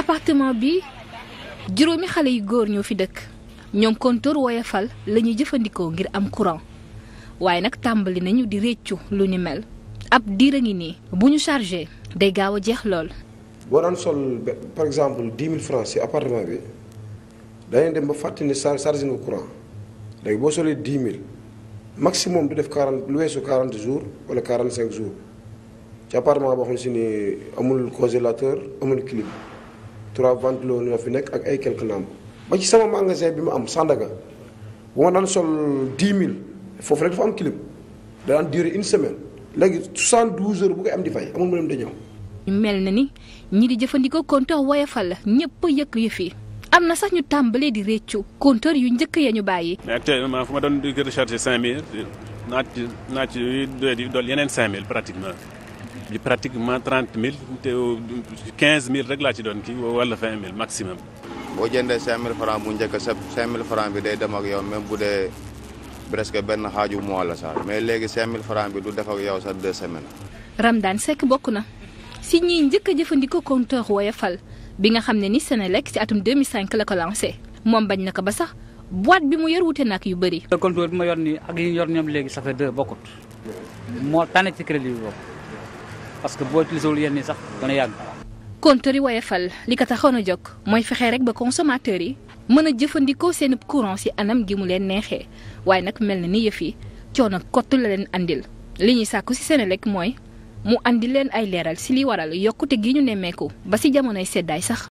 appartement bi juróomi xale yu góor ñoo fi dëkk ñoom kontoor woyofal la ñuy jëfandikoo ngir am courant waaye nag tàmbali nañu di réccu lu ni mel ab diir a ngi nii bu ñu chargé day gaaw a jeex lool. boo daan sol par exemple dix mille francs ci appartement bi dañuy dem ba fàttali ne chargé nga courant léegi boo solee dix mille maximum du def quarante lu weesu quarante jours wala quarante cinq jours ci appartement boo xam ne si ni amul congélateur amul clim. trois ventilo la fi nekk ak ay quelques lampes ba ci sama magasin bi ma am Sandaga bu ma daan sol 10 mille foofu la dafa am clim da daan durer une semaine léegi 72 heures bu koy am di fay amul mënam da ñëw. mel na ni ñi di jëfandikoo compteur woyofal la ñëpp yëkk yëf yi am na sax ñu tàmbalee di réccu compteur yu njëkk ya ñu bàyyi. mais actuellement fu ma doon di recharger 5000 naa ci naa ci dolli yeneen mille pratiquement. bi pratiquement trente mille te quinze mille rek laa ci doon kii wala vingt mille maximum. boo jëndee cinq mille franc bu njëkk sa cinq mille franc bi day dem ak yow même bu dee presque benn xaaju mois la sax mais léegi cinq mille franc bi du def ak yow sax deux semaines. Ramdane Seck bokk na si ñiy njëkk a jëfandikoo compteur Woyofal bi nga xam ne ni lekk ci atum 2005 la ko lancé moom bañ na ko ba sax boîte bi mu yor wute nag ak yu bëri. compteur bi ma yor nii ak yi ñu ñoom léegi ça fait deux bokkut moo tane ci crédit bi parce que boo utilisé wul yenn yi sax dana yàgg. compteur yi woyofal li ko taxoon a jog mooy fexe rek ba consommateurs yi mën a jëfandikoo seen courant si anam gi mu leen neexee waaye nag mel na ni yëf yi coono kott la leen andil li ñuy sàkku si lekk mooy mu andi leen ay leeral si li waral yokkute gi ñu nemmeeku ba si jamonoy seddaay sax.